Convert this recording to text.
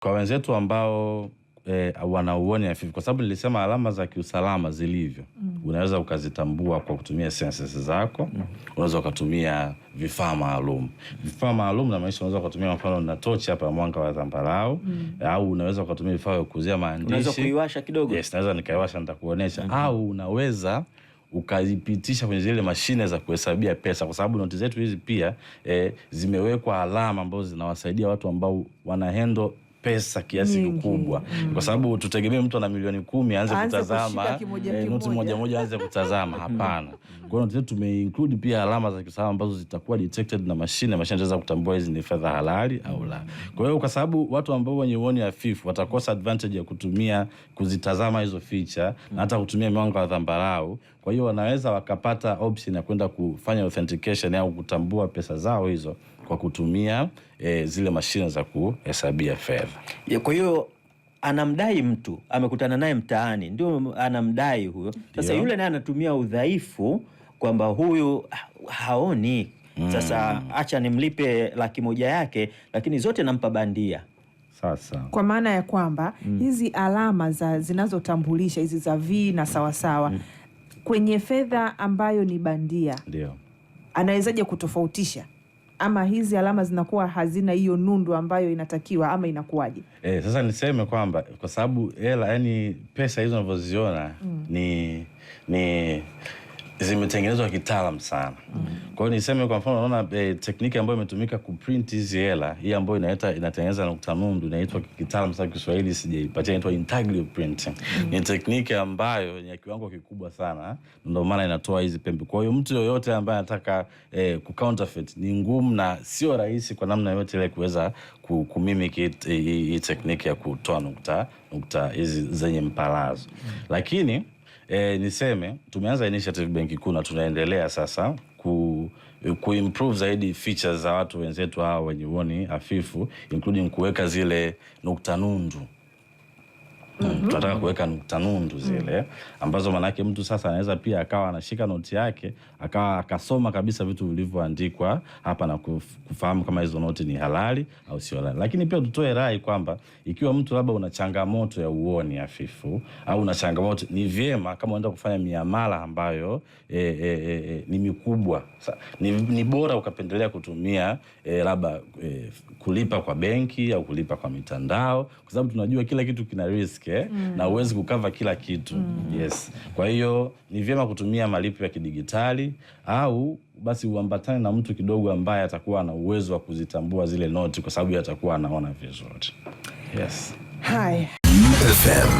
kwa wenzetu ambao e, wanauoni hafifu, kwa sababu nilisema alama za kiusalama zilivyo mm. unaweza ukazitambua kwa kutumia senses zako mm. unaweza ukatumia vifaa maalum vifaa maalum na maisha, unaweza ukatumia mfano na tochi hapa ya mwanga wa zambarau mm. au unaweza ukatumia vifaa vya kuzia maandishi, unaweza kuiwasha kidogo. Yes, naweza nikaiwasha nitakuonesha mm -hmm. au unaweza ukazipitisha kwenye zile mashine za kuhesabia pesa, kwa sababu noti zetu hizi pia e, zimewekwa alama ambazo zinawasaidia watu ambao wanahandle pesa kiasi kikubwa mm. Kwa sababu tutegemee mtu ana milioni kumi aanze kutazama eh, noti moja moja, aanze kutazama hapana. Kwa hiyo tume tumeinclude pia alama za kiusalama ambazo zitakuwa detected na mashine. Mashine itaweza kutambua hizi ni fedha halali au la. Kwa hiyo kwa sababu watu ambao wenye uoni hafifu watakosa advantage ya kutumia kuzitazama hizo feature na hata kutumia mwanga wa dhambarau, kwa hiyo wanaweza wakapata option ya kwenda kufanya authentication au kutambua pesa zao hizo kwa kutumia e, zile mashine za kuhesabia fedha. Kwa hiyo anamdai mtu amekutana naye mtaani, ndio anamdai huyo. Sasa yule naye anatumia udhaifu kwamba huyu haoni mm. sasa mm. Acha nimlipe laki moja yake, lakini zote nampa bandia. Sasa kwa maana ya kwamba mm. hizi alama za zinazotambulisha hizi za V na sawasawa mm. kwenye fedha ambayo ni bandia, ndio anawezaje kutofautisha? ama hizi alama zinakuwa hazina hiyo nundu ambayo inatakiwa ama inakuwaje? E, sasa niseme kwamba kwa sababu hela yani pesa hizo unavyoziona mm. ni ni zimetengenezwa kitaalam sana mm. Kwa hiyo niseme kwa mfano unaona eh, tekniki ambayo imetumika kuprint hizi hela hii ambayo inaleta inatengeneza nukta nundu inaitwa kitaalamu sana Kiswahili sijaipatia inaitwa integral printing. Mm. Mm-hmm. Ni tekniki ambayo ni kiwango kikubwa sana ndio maana inatoa hizi pembe. Kwa hiyo mtu yoyote ambaye anataka eh, ku counterfeit ni ngumu na sio rahisi kwa namna yoyote ile kuweza kumimiki eh, hii tekniki ya kutoa nukta nukta hizi zenye mpalazo. Mm. Lakini eh, niseme tumeanza initiative Benki Kuu na tunaendelea sasa ku kuimprove zaidi features za watu wenzetu hawa wenye uoni hafifu including kuweka zile nukta nundu Mm-hmm. tunataka mm -hmm. kuweka nukta nundu mm. zile mm -hmm. ambazo maanake mtu sasa anaweza pia akawa anashika noti yake akawa akasoma kabisa vitu vilivyoandikwa hapa na kufahamu kama hizo noti ni halali au sio halali. Lakini pia tutoe rai kwamba ikiwa mtu labda una changamoto ya uoni hafifu au una changamoto, ni vyema kama unaenda kufanya miamala ambayo e, e, e, e ni mikubwa sa, ni, ni bora ukapendelea kutumia e, labda e, kulipa kwa benki au kulipa kwa mitandao, kwa sababu tunajua kila kitu kina risk yake mm. na huwezi kukava kila kitu mm. Yes, kwa hiyo ni vyema kutumia malipo ya kidigitali au basi uambatane na mtu kidogo ambaye atakuwa ana uwezo wa kuzitambua zile noti, kwa sababu atakuwa anaona vizuri. Yes. Hai FM